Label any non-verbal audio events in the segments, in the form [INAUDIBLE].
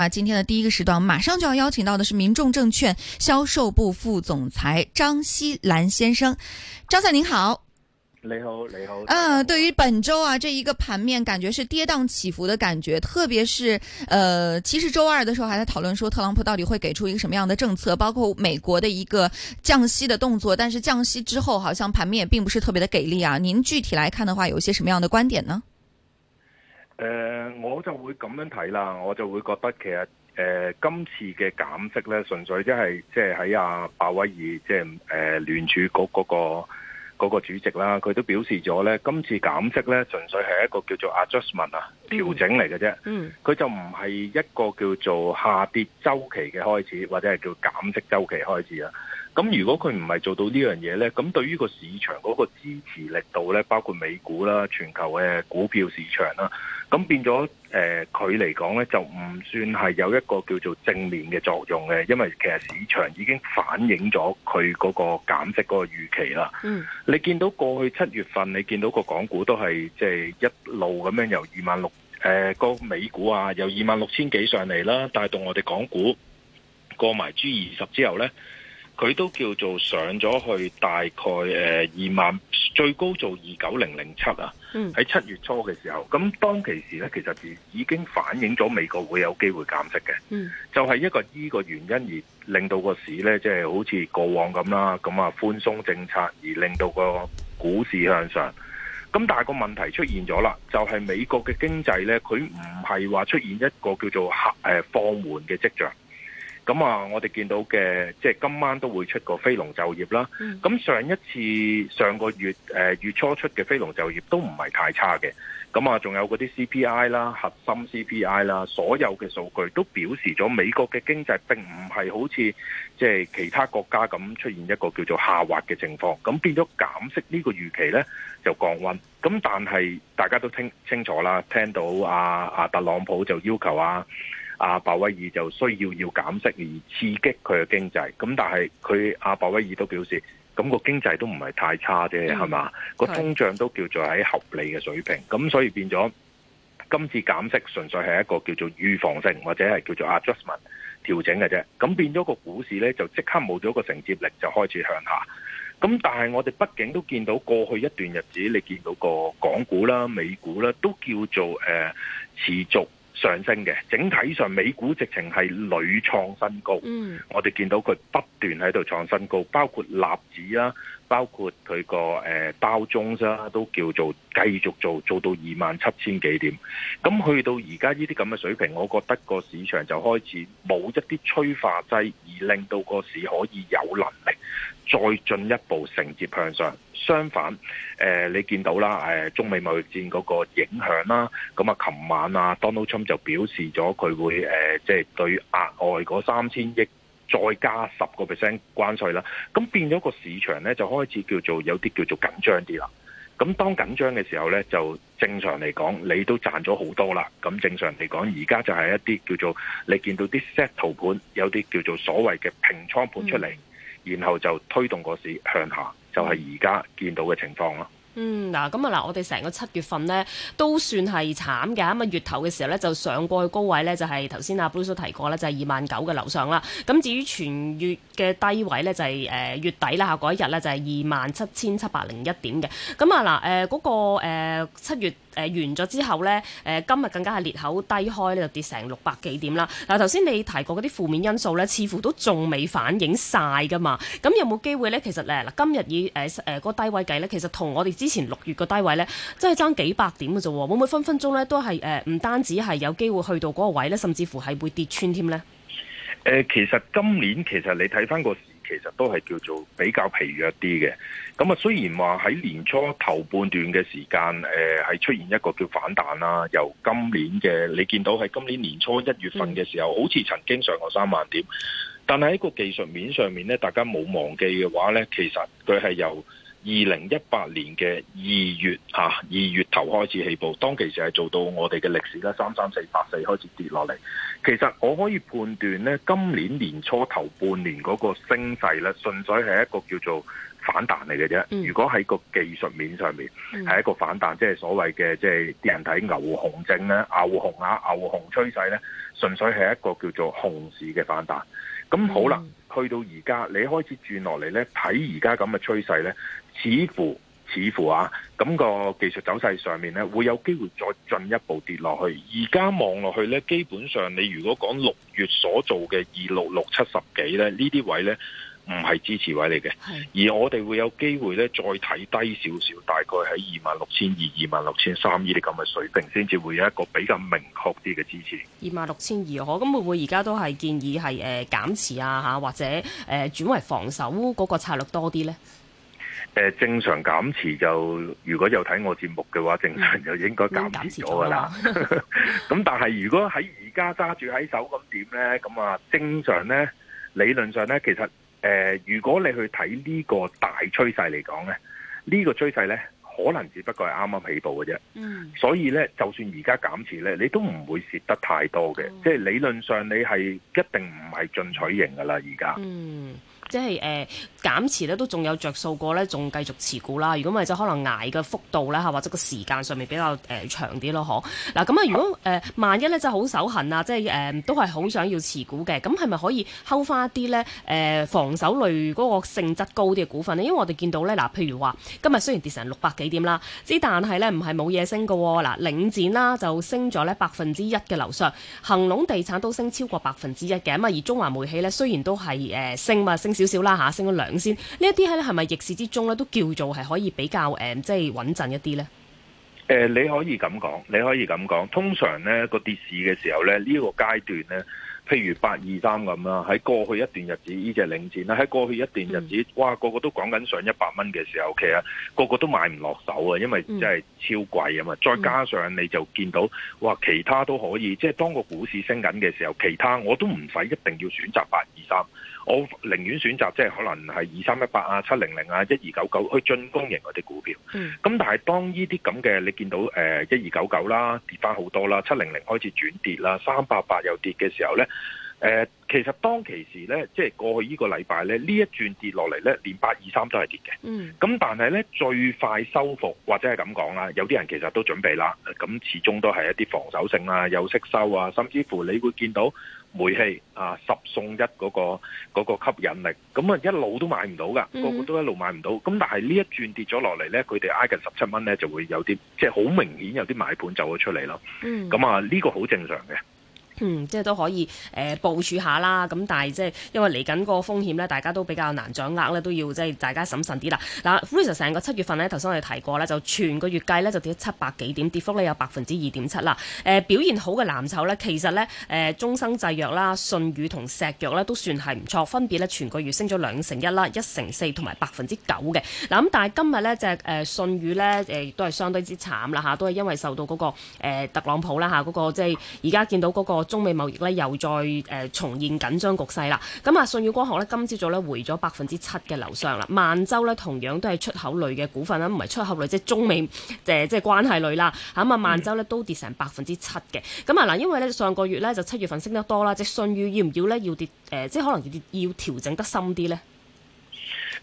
啊，今天的第一個時段馬上就要邀請到的是民眾證券銷售部副總裁張曦嵐先生，張總，您好。你好，你好。嗯、呃，對於本周啊，這一個盤面感覺是跌宕起伏的感覺，特別是呃，其實周二的時候還在討論說特朗普到底會給出一個什麼樣的政策，包括美國的一個降息的動作，但是降息之後好像盤面也並不是特別的給力啊。您具體來看的話，有一些什麼樣的觀點呢？誒、呃、我就會咁樣睇啦，我就會覺得其實誒、呃、今次嘅減息咧，純粹即係即係喺阿鮑威爾即係誒聯儲局嗰個嗰個主席啦，佢都表示咗咧，今次減息咧純粹係一個叫做 adjustment 啊調整嚟嘅啫，嗯，佢就唔係一個叫做下跌周期嘅開始，或者係叫減息周期開始啊。咁如果佢唔係做到呢樣嘢咧，咁對於個市場嗰個支持力度咧，包括美股啦、全球嘅股票市場啦，咁變咗誒佢嚟講咧，就唔算係有一個叫做正面嘅作用嘅，因為其實市場已經反映咗佢嗰個減息嗰個預期啦。嗯，你見到過去七月份，你見到個港股都係即係一路咁樣由二萬六誒個美股啊，由二萬六千幾上嚟啦，帶動我哋港股過埋 G 二十之後咧。佢都叫做上咗去大概誒二萬，最高做二九零零七啊！嗯、喺七月初嘅時候，咁當其時咧，其實已已經反映咗美國會有機會減息嘅，嗯、就係一個呢個原因而令到個市咧，即係好似過往咁啦，咁啊寬鬆政策而令到個股市向上。咁但係個問題出現咗啦，就係美國嘅經濟咧，佢唔係話出現一個叫做誒放緩嘅跡象。咁啊，我哋見到嘅，即係今晚都會出個非農就業啦。咁、嗯、上一次上個月、呃、月初出嘅非農就業都唔係太差嘅。咁啊，仲有嗰啲 CPI 啦、核心 CPI 啦，所有嘅數據都表示咗美國嘅經濟並唔係好似即係其他國家咁出現一個叫做下滑嘅情況。咁變咗減息個呢個預期咧就降溫。咁但係大家都清清楚啦，聽到啊啊特朗普就要求啊。阿鮑威爾就需要要減息而刺激佢嘅經濟，咁但係佢阿鮑威爾都表示，咁個經濟都唔係太差啫，係嘛，嗯？個通脹都叫做喺合理嘅水平，咁所以變咗今次減息純粹係一個叫做預防性或者係叫做 adjustment 調整嘅啫，咁變咗個股市咧就即刻冇咗個承接力，就開始向下。咁但係我哋畢竟都見到過去一段日子，你見到個港股啦、美股啦都叫做誒、呃、持續。上升嘅，整體上美股直情係屢創新高。嗯，我哋見到佢不斷喺度創新高，包括納指啦。包括佢個誒包中啦，都叫做繼續做做到二萬七千幾點。咁去到而家呢啲咁嘅水平，我覺得個市場就開始冇一啲催化劑，而令到個市可以有能力再進一步承接向上。相反，誒你見到啦，中美貿易戰嗰個影響啦，咁啊，琴晚啊，Donald Trump 就表示咗佢會誒，即係對額外嗰三千億。再加十個 percent 關稅啦，咁變咗個市場咧就開始叫做有啲叫做緊張啲啦。咁當緊張嘅時候咧，就正常嚟講你都賺咗好多啦。咁正常嚟講，而家就係一啲叫做你見到啲 set 圖盤有啲叫做所謂嘅平倉盤出嚟，嗯、然後就推動個市向下，就係而家見到嘅情況咯。嗯，嗱，咁啊，嗱，我哋成個七月份呢都算係慘嘅，咁啊月頭嘅時候呢，就上過去高位呢，就係頭先阿 Bruce 提過呢，就係二萬九嘅樓上啦。咁至於全月嘅低位呢，就係、是呃、月底啦嚇，嗰一日呢，就係二萬七千七百零一點嘅。咁啊嗱，嗰、嗰個七、呃、月。誒、呃、完咗之後呢，誒、呃、今日更加係裂口低開呢，就跌成六百幾點啦。嗱、呃，頭先你提過嗰啲負面因素呢，似乎都仲未反映晒噶嘛。咁有冇機會呢？其實咧，嗱，今日以誒誒嗰個低位計呢，其實同我哋之前六月個低位呢，真係爭幾百點嘅啫。會唔會分分鐘呢，都係誒？唔、呃、單止係有機會去到嗰個位呢，甚至乎係會跌穿添呢。誒、呃，其實今年其實你睇返個。其實都係叫做比較疲弱啲嘅，咁啊雖然話喺年初頭半段嘅時間，誒、呃、係出現一個叫反彈啦，由今年嘅你見到係今年年初一月份嘅時候，好似曾經上過三萬點，但係喺個技術面上面咧，大家冇忘記嘅話咧，其實佢係由。二零一八年嘅二月嚇，二月頭開始起步，當其時係做到我哋嘅歷史啦，三三四八四開始跌落嚟。其實我可以判斷咧，今年年初頭半年嗰個升勢咧，純粹係一個叫做反彈嚟嘅啫。嗯、如果喺個技術面上面，係、嗯、一個反彈，即係所謂嘅即係啲人睇牛熊證咧、牛熊啊、牛熊趨勢咧，純粹係一個叫做熊市嘅反彈。咁好啦，去到而家，你開始轉落嚟呢，睇而家咁嘅趨勢呢，似乎似乎啊，咁個技術走勢上面呢，會有機會再進一步跌落去。而家望落去呢，基本上你如果講六月所做嘅二六六七十幾呢，呢啲位呢。唔係支持位嚟嘅，而我哋會有機會咧，再睇低少少，大概喺二萬六千二、二萬六千三呢啲咁嘅水平，先至會有一個比較明確啲嘅支持。二萬六千二哦，咁會唔會而家都係建議係誒減持啊吓，或者誒呃、轉為防守嗰個策略多啲呢？誒、呃，正常減持就，如果有睇我節目嘅話，正常就應該減咗㗎喇。咁、嗯、 [LAUGHS] [LAUGHS] 但係如果喺而家揸住喺手咁點呢？咁啊，正常呢，理論上呢，其實。誒、呃，如果你去睇呢個大趨勢嚟講咧，這個、趨勢呢個趨勢咧可能只不過係啱啱起步嘅啫。嗯，所以咧，就算而家減持咧，你都唔會蝕得太多嘅。嗯、即係理論上你，你係一定唔係進取型噶啦，而家。嗯。即係誒、呃、減持咧都仲有着數過咧，仲繼續持股啦。如果咪就可能捱嘅幅度咧嚇，或者個時間上面比較誒、呃、長啲咯。嗬嗱咁啊，如果誒、呃、萬一咧就好手痕啊，即係誒、呃、都係好想要持股嘅，咁係咪可以拋翻啲咧誒防守類嗰個性質高啲嘅股份呢？因為我哋見到咧嗱、呃，譬如話今日雖然跌成六百幾點啦，之但係咧唔係冇嘢升嘅喎。嗱、呃、領展啦、啊、就升咗咧百分之一嘅樓上，恒隆地產都升超過百分之一嘅。咁啊而中華煤氣咧雖然都係誒升嘛升。升少少啦嚇，升咗兩先。呢一啲喺咧係咪逆市之中咧，都叫做係可以比較誒、呃，即係穩陣一啲呢？誒、呃，你可以咁講，你可以咁講。通常呢個跌市嘅時候呢，呢、呢個階段呢，譬如八二三咁啦，喺過去一段日子呢隻領展啦，喺過去一段日子，這個、哇，個個都講緊上一百蚊嘅時候，其實個個都買唔落手啊，因為真係超貴啊嘛。嗯、再加上你就見到哇，其他都可以，嗯、即係當個股市升緊嘅時候，其他我都唔使一定要選擇八二三。我寧願選擇即係可能係二三一八啊、七零零啊、一二九九去進攻型嗰啲股票。咁、嗯、但係當呢啲咁嘅你見到誒一二九九啦跌返好多啦、七零零開始轉跌啦、三八八又跌嘅時候呢。誒、呃，其實當其時咧，即係過去個呢個禮拜咧，呢一轉跌落嚟咧，連八二三都係跌嘅。嗯。咁但係咧，最快收復或者係咁講啦，有啲人其實都準備啦。咁始終都係一啲防守性啊，有息收啊，甚至乎你會見到煤氣啊十送一嗰、嗰個嗰、嗰個、吸引力，咁啊一路都買唔到㗎，嗯、個個都一路買唔到。咁但係呢一轉跌咗落嚟咧，佢哋挨近十七蚊咧就會有啲即係好明顯有啲買盤走咗出嚟咯。咁、嗯、啊，呢、呢個好正常嘅。嗯，即係都可以誒、呃、部署下啦，咁但係即係因為嚟緊個風險呢，大家都比較難掌握呢，都要即係大家審慎啲啦。嗱，Fraser 成個七月份呢，頭先我哋提過啦就全個月計呢，就跌咗七百幾點，跌幅呢有百分之二點七啦。誒、呃，表現好嘅藍籌呢，其實呢，誒、呃、中生製藥啦、信宇同石藥呢，都算係唔錯，分別呢，全個月升咗兩成一啦、一成四同埋百分之九嘅。嗱，咁但係今日呢，隻、呃、誒信宇呢，亦、呃、都係相對之慘啦、啊、都係因為受到嗰、嗰個、呃、特朗普啦嚇嗰個即係而家見到嗰個。中美貿易咧又再誒、呃、重現緊張局勢啦，咁啊信宇光學咧今朝早咧回咗百分之七嘅樓上啦，萬洲咧同樣都係出口類嘅股份啦，唔係出口類即係中美誒、呃、即係關係類啦，咁啊萬洲咧都跌成百分之七嘅，咁啊嗱，因為咧上個月咧就七月份升得多啦，即係信宇要唔要咧要跌誒、呃，即係可能要要調整得深啲咧？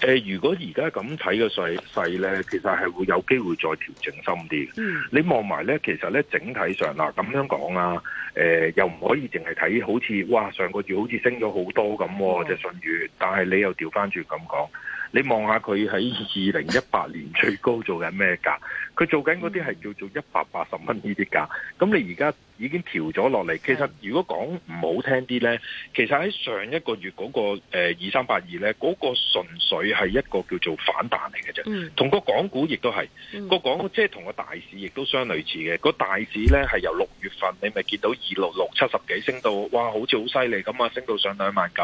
誒、呃，如果而家咁睇嘅勢勢咧，其實係會有機會再調整深啲。你望埋咧，其實咧整體上嗱咁樣講啊，誒、呃、又唔可以淨係睇好似哇，上個月好似升咗好多咁嘅信譽，但係你又掉返轉咁講，你望下佢喺二零一八年最高做緊咩價？佢做緊嗰啲係叫做一百八十蚊呢啲價，咁你而家已經調咗落嚟。其實如果講唔好聽啲咧，其實喺上一個月嗰個誒二三八二咧，嗰個純粹係一個叫做反彈嚟嘅啫，同個港股亦都係個港股，即係同個大市亦都相類似嘅。個大市咧係由六月份你咪見到二六六七十幾升到，哇，好似好犀利咁啊，升到上兩萬九。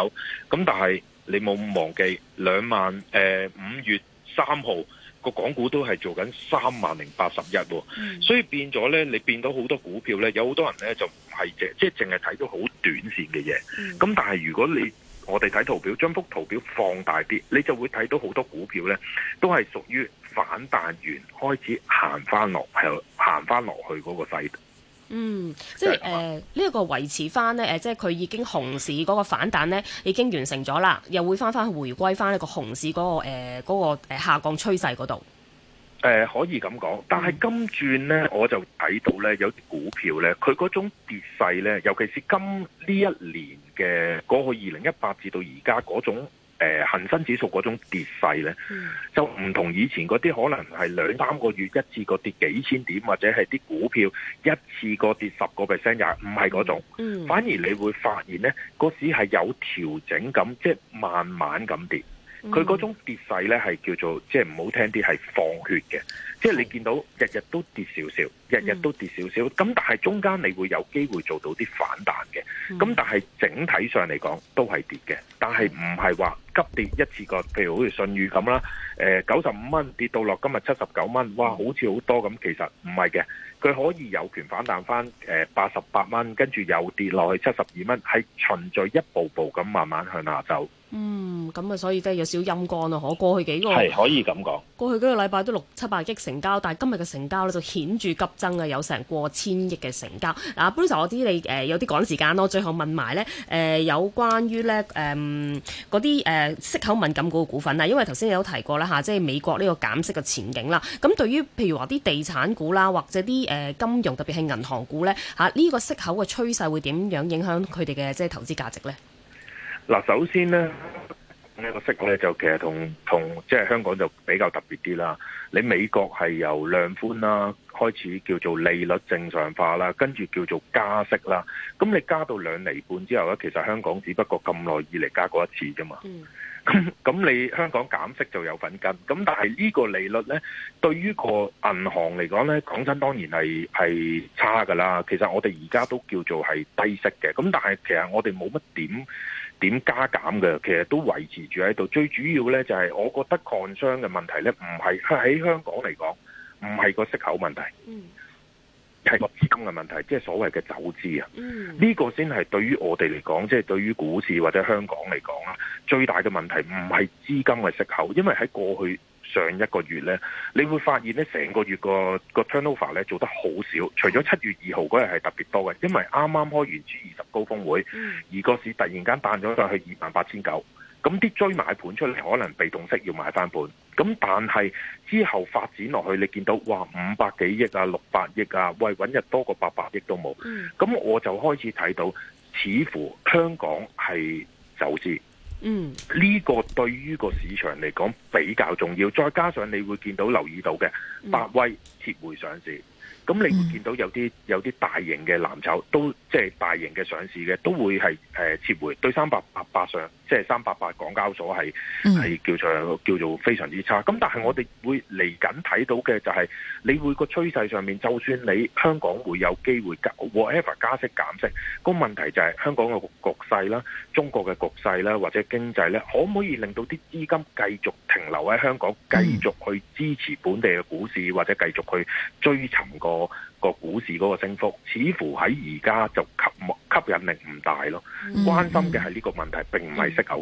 咁但係你冇忘記兩萬誒五月三號。個港股都係做緊三萬零八十一。嗯、所以變咗呢，你變到好多股票呢，有好多人呢，就唔係淨，即係淨係睇到好短綫嘅嘢。咁、嗯、但係如果你我哋睇圖表，將幅圖表放大啲，你就會睇到好多股票呢，都係屬於反彈完開始行翻落去，行翻落去嗰個勢。嗯，即係誒，呢、呃、一、這個維持翻咧，誒，即係佢已經熊市嗰個反彈咧，已經完成咗啦，又會翻翻去回歸翻呢個熊市嗰、呃那個誒嗰個誒下降趨勢嗰度。誒、呃，可以咁講，但係今轉咧，我就睇到咧有啲股票咧，佢嗰種跌勢咧，尤其是今呢一年嘅過去二零一八至到而家嗰種。誒、呃、恒生指數嗰種跌勢咧，嗯、就唔同以前嗰啲可能係兩三個月一次過跌幾千點，或者係啲股票一次過跌十個 percent 也唔係嗰種，嗯嗯、反而你會發現咧個市係有調整咁，即、就、係、是、慢慢咁跌，佢嗰種跌勢咧係叫做即係唔好聽啲係放血嘅。即係你見到日日都跌少少，日日都跌少少，咁、嗯、但係中間你會有機會做到啲反彈嘅，咁、嗯、但係整體上嚟講都係跌嘅，但係唔係話急跌一次過，譬如好似信譽咁啦，九十五蚊跌到落今日七十九蚊，哇好似好多咁，其實唔係嘅，佢可以有權反彈翻八十八蚊，跟、呃、住又跌落去七十二蚊，係循序一步步咁慢慢向下走。嗯，咁啊，所以都係有少陰乾啊，可過去幾個月係可以咁講，過去幾個禮拜都六七百億但今的成交，但係今日嘅成交咧就顯著急增啊，有成過千億嘅成交。阿 Bruce，我知你誒，有啲趕時間咯。最後問埋咧，誒、呃，有關於咧，誒、嗯，嗰啲誒息口敏感股嘅股份啦，因為頭先你都提過啦吓、啊，即係美國呢個減息嘅前景啦。咁對於譬如話啲地產股啦，或者啲誒金融，特別係銀行股咧，吓、啊、呢、這個息口嘅趨勢會點樣影響佢哋嘅即係投資價值咧？嗱，首先呢。呢個息咧就其實同同即係香港就比較特別啲啦。你美國係由量寬啦，開始叫做利率正常化啦，跟住叫做加息啦。咁你加到兩厘半之後咧，其實香港只不過咁耐以嚟加過一次啫嘛。咁咁你香港減息就有份跟。咁但係呢個利率咧，對於個銀行嚟講咧，講真當然係係差噶啦。其實我哋而家都叫做係低息嘅。咁但係其實我哋冇乜點。點加減嘅，其實都維持住喺度。最主要呢，就係，我覺得供商嘅問題呢，唔係喺香港嚟講，唔係個息口問題，係、嗯、個資金嘅問題，即係所謂嘅走資啊。呢、嗯、個先係對於我哋嚟講，即係對於股市或者香港嚟講啦，最大嘅問題唔係資金嘅息口，因為喺過去。上一個月呢，你會發現整呢，成個月個個 turnover 呢做得好少，除咗七月二號嗰日係特別多嘅，因為啱啱開完 G 二十高峰會，而個市突然間彈咗上去二萬八千九，咁啲追買盤出嚟可能被動式要買翻盤，咁但係之後發展落去你，你見到哇五百幾億啊、六百億啊，喂，揾日多過八百億都冇，咁我就開始睇到似乎香港係走字。嗯，呢個對於個市場嚟講比較重要，再加上你會見到留意到嘅，百威撤回上市，咁你會見到有啲有啲大型嘅藍籌都即係、就是、大型嘅上市嘅都會係誒撤回對三百八上。即係三八八港交所係係叫做叫做非常之差，咁但係我哋會嚟緊睇到嘅就係、是、你會個趨勢上面，就算你香港會有機會加，whatever 加息減息，個問題就係、是、香港嘅局勢啦、中國嘅局勢啦，或者經濟咧，可唔可以令到啲資金繼續停留喺香港，繼續去支持本地嘅股市，或者繼續去追尋個個股市嗰個升幅，似乎喺而家就吸吸引力唔大咯。關心嘅係呢個問題，並唔係息口。